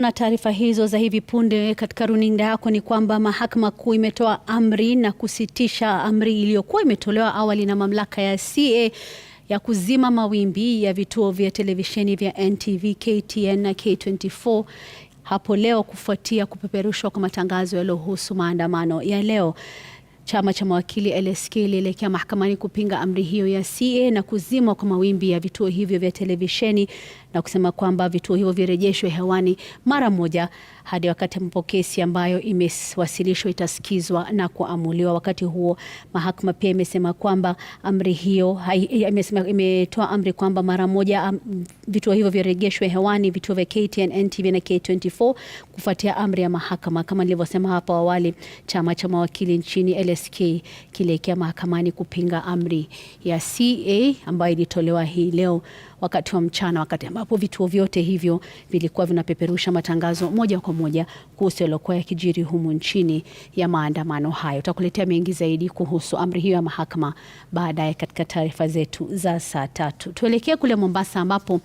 Na taarifa hizo za hivi punde katika runinga yako ni kwamba Mahakama Kuu imetoa amri na kusitisha amri iliyokuwa imetolewa awali na mamlaka ya CA ya kuzima mawimbi ya vituo vya televisheni vya NTV, KTN na K24 hapo leo kufuatia kupeperushwa kwa matangazo yaliyohusu maandamano ya leo. Chama cha mawakili LSK ilielekea mahakamani kupinga amri hiyo ya CA na kuzimwa kwa mawimbi ya vituo hivyo vya televisheni na kusema kwamba vituo hivyo virejeshwe hewani mara moja hadi wakati ambapo kesi ambayo imewasilishwa itasikizwa na kuamuliwa. Wakati huo, mahakama pia imesema kwamba amri hiyo imesema, imetoa amri kwamba mara moja am, vituo hivyo virejeshwe hewani, vituo vya KTN, NTV na K24 kufuatia amri ya mahakama. Kama nilivyosema hapo awali, chama cha mawakili nchini LSK kilekea mahakamani kupinga amri ya CA ambayo ilitolewa hii leo wakati wa mchana, wakati ambapo vituo vyote hivyo vilikuwa vinapeperusha matangazo moja kwa moja kuhusu yaliyokuwa yakijiri humu nchini ya maandamano hayo. Tutakuletea mengi zaidi kuhusu amri hiyo ya mahakama baadaye katika taarifa zetu za saa tatu. Tuelekee kule Mombasa ambapo